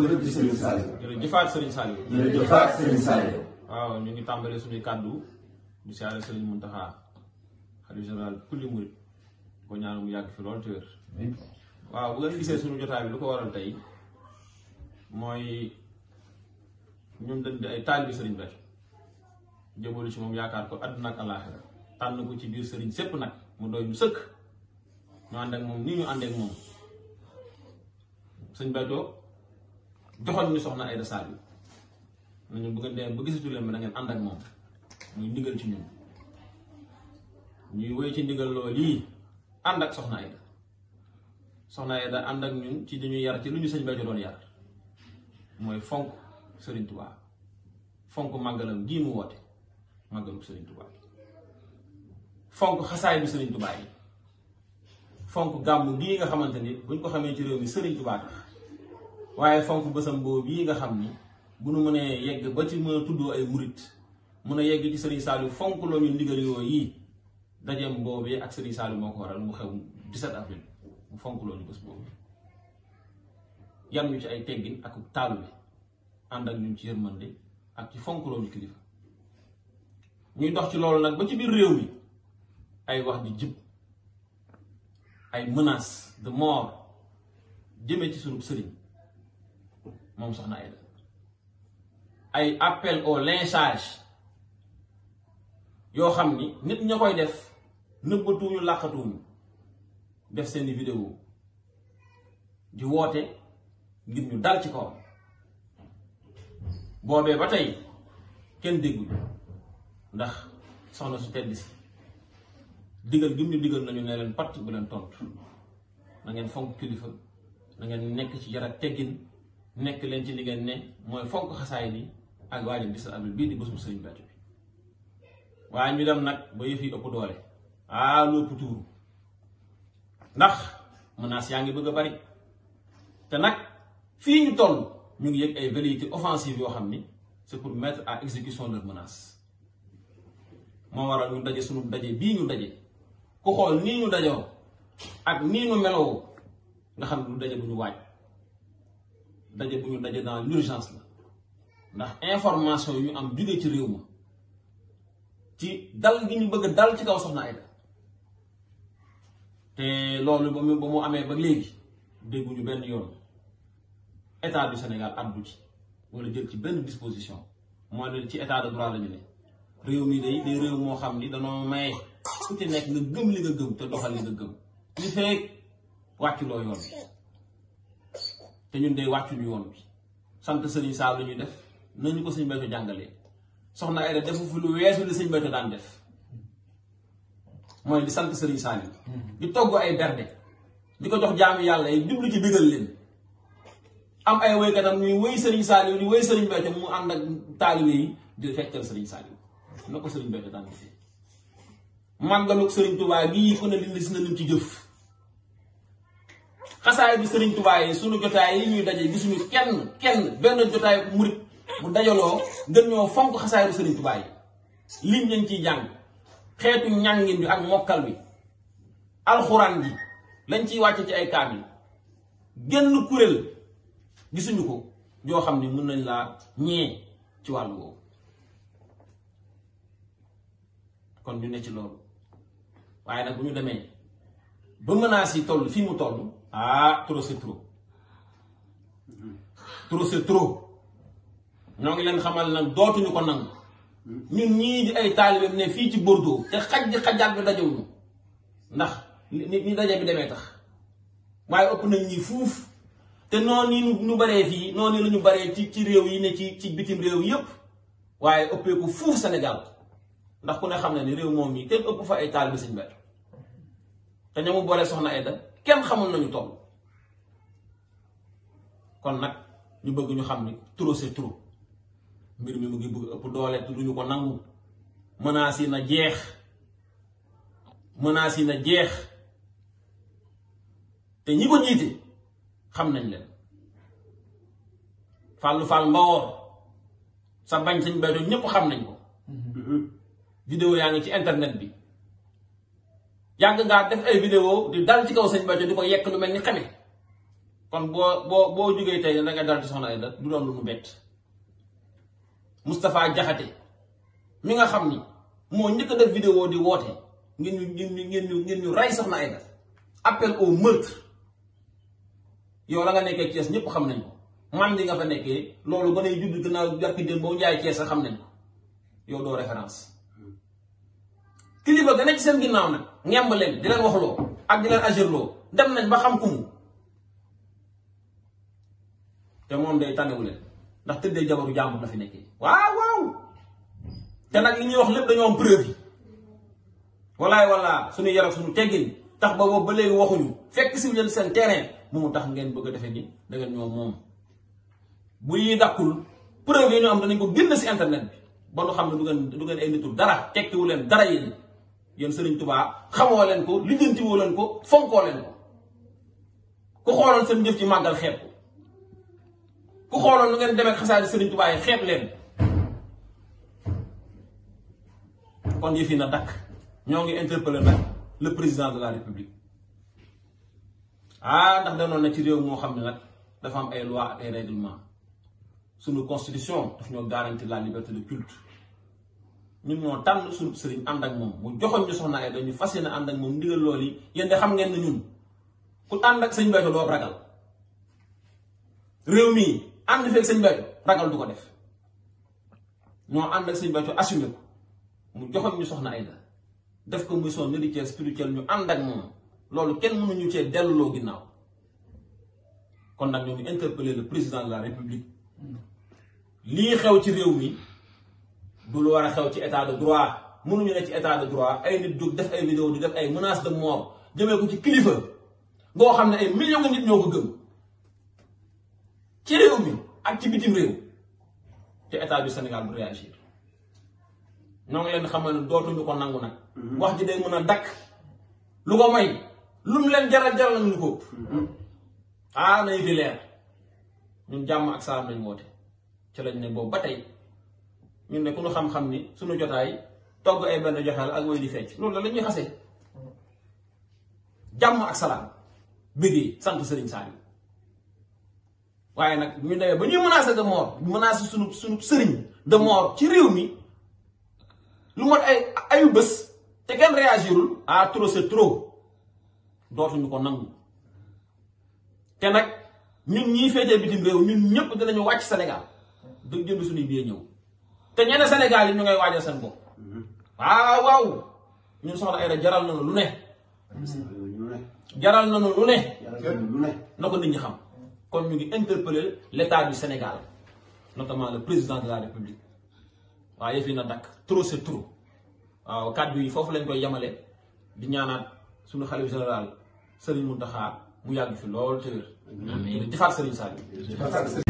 jërëjëf Serigne Saliou. jërëjëfaat Serigne Saliou. jërëjëfaat Serigne Saliou. waaw ñu ngi tàmbalee suñuy kàddu du, siyaare Serigne Mountakha xalifa général kulli murit ko ñaan mu yàgg fi lool te waaw bu ngeen suñu bi lu ko waral tey mooy ñoom dañ di ay taalibe Serigne Béthio jëmbalu ci moom yaakaar ko àdduna ak alaaxira tànn ko ci biir Serigne sépp nag mu doy sëkk ñu ak ñu ak Serigne joxoon ñu soxna Aida Saliou ñu bëgg a dee ba gisatu leen ba na ngeen and ak mom ñu ndigal ci ñun ñu woy ci ndigal lool yii and ak soxna Aida soxna da and ak ñun ci dañu yar ci luñu señ sëñ doon yar moy fonk Serigne Touba fonk magalam gi mu wote màggalu Serigne Touba fonk xasaay bi Serigne Touba yi fonk gàmm gi nga xamanteni buñ ko xamé ci rew mi Serigne Touba waye fonk beusam boobu bii nga xamni ni bu nu mënee yegg ba ci mën tuddo ay murid mën yegg ci Serigne salu fonk lo ñu ndigal yooyu yi dajeem boobee ak Serigne salu moko waral mu xew 17 avril mu fonk lo ñu bés boobu yam ñu ci ay teggin ak talu bi ànd ak ñun ci yermande ak ci fonk lo ñu kilifa ñuy dox ci loolu nak ba ci bir rew mi ay wax di jib ay menace de mort jeme ci sunu serigne moom soxna Aida ay appel au lynchage yoo xam ni nit ña koy def nëbbatuñu làqatuñu def seeni vidéo di woote ngir ñu dal ci kaw boobee ba tey kenn déggul ndax soxna su tedd si digal gi mu ñu digal nañu ne leen patt bu leen tontu na ngeen fonk kilifa na ngeen nekk ci yar ak teggin nek leen ci li ngeen ne mooy fonk xassay ni ak waajal bisal abil bi di bésum serigne Béthio bi waaye ñu dem nak ba yefi ëpp doole a lu ëpp tuuru ndax menaces yaa ngi bëgg bari te nak fi ñu toll ñu ngi yek ay velléités offensive yo xamni c'est pour mettre à exécution leur menace mo waral ñu dajé suñu dajé bi ñu dajé ku xol ni ñu dajé ak ni ñu melo nga xam lu bu ñu wajj daje bu ñu daje dans l'urgence la ndax information yu ñu am jugee ci réew ma ci dal gi ñu bëgg dal ci kaw soxna Aida te loolu ba mu ba mu amee ba léegi dégguñu benn yoon état du Sénégal addu ci wala jël ci benn disposition mooy de ci état de droit la ne réew mi day day réew moo xam ni danoo maye ku ci nekk nga gëm li nga gëm te doxal li nga gëm li feeg wàcculoo yoon te ñun de wàccuñu yoon bi sant sëriñ Saal la ñuy def nañu ko sëñ Béthio jàngale soxna Aida defu fi lu weesu li sëñ Béthio daan def mooy di sant sëriñ Saal di togg ay berde di ko jox jaamu yàlla yi jublu ci bégal leen am ay woykatam ñuy wéy sëriñ Saal di wéy sëriñ Béthio mu ànd ak taalibe yi di feccal sëriñ Saal na ko sëriñ Béthio daan def màggalu sëriñ Tuubaa gii fu ne li lis na lim ci jëf xasaayu bi sëriñ Tuubaa yi sunu jotaay yi ñuy daje gisuñu kenn kenn benn dajaloo gën ñoo fonk xasaayu bi lañ ciy jàng xeetu ñàngin bi ak mokkal bi alxuraan bi lañ ciy wàcce ci ay kaam yi génn kuréel gisuñu ko joo xam ne mën nañ laa ñee ci wàllu woowu kon ñu ne ci loolu waaye nag bu ñu demee ba naa yi toll fii mu toll ah trop c'est trop trop ñoo ngi leen xamal nag dootuñu ko nangu ñun ñii di ay taalibeem ne fii ci Bordeaux te xaj di xajaat bi dajewuñu ndax ni ni daje bi demee tax waaye ëpp nañ ñi fuuf te noonu yi ñu baree fii noonu yi la ñu baree ci ci réew yi ne ci ci bitim réew yépp waaye ëppee ko fuuf Sénégal ndax ku ne xam ne ni réew moom yi kenn ëpp fa ay taalibe Sëñ Béthio te ñamu boole soxna Aida kenn xamul nañu toll kon nag ñu bëgg ñu xam ni trop c'est trop mbir mi mu ngi bëgg ëpp doole te duñu ko nangu menaces yi na jeex menaces yi na jeex te ñi ko jiite xam nañ leen fàllu fàll mbawoor sa bañ sañ bayto ñépp xam nañ ko mm-hmm. vidéo yaa ngi ci internet bi yàgg ngaa def ay vidéo di dal ci kaw sëñ Bàcco di ko yekk lu mel ni xame kon boo boo boo jógee tey da nga dal ci soxna Aida du doon lu mu bett Moustapha Diakhaté mi nga xam ni moo njëkk def vidéo di woote ngeen ñu ngeen ñu ngeen ñu ngeen ñu rey soxna appel au meurtre yow la nga nekkee Thiès ñëpp xam nañu man li nga fa nekkee loolu ba nay judd gannaaw jàkki dén boo njaay Thiès a xam nañ ko yow doo référence kilifa gën a seen ginnaaw nag ngemb leen di leen waxloo ak di leen agirloo dem nañ ba xam kumu te mom day tané wu leen ndax teddé jabaru jamm na fi nekké waaw waaw té nak li ñuy wax lepp dañu am preuve wallahi walaay suñu yara suñu teggin tax ba bo ba léegi waxuñu fekk si leen sen terrain bu mu tax ngeen bëgg a ni da ngeen ñoo mom bu yi dakul preuve yi ñu am dañ ko bind ci internet bi ba nu xam lu du ngeen du ngeen ay nitul dara wu leen dara yi yéen serigne touba xamoo leen ko lijjantiwoo len ko fonko len ko ku xooloon seen def ci magal xeeb ku xooloon lu ngeen demee xasaari sëriñ tubaa yi xeeb len kon yëf yi na dakk ñoo ngi interpellé le président de la république ah ndax da non na ci rew mo xamni ne dafa am ay loi ak ay règlement suñu constitution daf ñoo garantir la liberté de culte ñun ñoo tànn suñu sëriñ ànd ak moom mu joxoon ñu soxna ay dañu fas yéene ànd ak moom ndigal lool yi yéen de xam ngeen ne ñun ku ànd ak sëñ Béthio doo ragal réew mii ànd feeg sëñ Béthio ragal du ko def ñoo ànd ak sëñ Béthio assumé ko mu joxoon ñu soxna ay def ko muy son héritier spirituel ñu ànd ak moom loolu kenn mënuñu cee delloo ginnaaw kon nag ñu ngi interpeller le président de la république lii xew ci réew mi du lu war a xew ci état de droit mënuñu ne ci état de droit ay nit dug def ay vidéo di def ay menace de mort jëmee ko ci kilifa ngoo xam ne ay millions nit ñoo ko gëm ci réew mi ak ci bitim réew te état du Sénégal bu réagir ñoo ngi leen xamal ne dootuñu ko nangu nag. Mhm. wax ji day mën a dakk lu ko may lu mu leen jaral jaral nañu ko. Mhm. ah nay fi leer ñun jàmm ak salaam lañ woote ci lañ ne boobu ba tey. ñun ne ku ñu xam-xam ni suñu jotaay togg ay benn joxeel ak way di fecc loolu la la ñuy xasee jàmm ak salaam bëggee sant sëriñ Saliou waaye nag ñu ne ba ñuy menacé de mort menacé sunu sunu sëriñ de mort ci réew mi lu mot ay ayu bés te kenn réagirul à ah, trop c'est trop dootuñu ko nangu te nag ñun ñiy féetee bitim réew ñun ñëpp dinañu wàcc Sénégal du jënd bi biir ñëw. te ñenn Sénégal yi ñu ngay waajal seen bopp mhm. waaw waaw ñun soxna Aida jaral nañu lu ne. jaral nañu lu ne. lu ko nit ñi xam kon ñu ngi interpeller l' état du Sénégal notamment le président de la république waaye fii na dakk trop c'est trop waaw kàddu yi foofu lañ koy yamale di ñaanaat suñu xalifa général Serigne Mountakha mu yàgg fi lool te wér. amiin di faat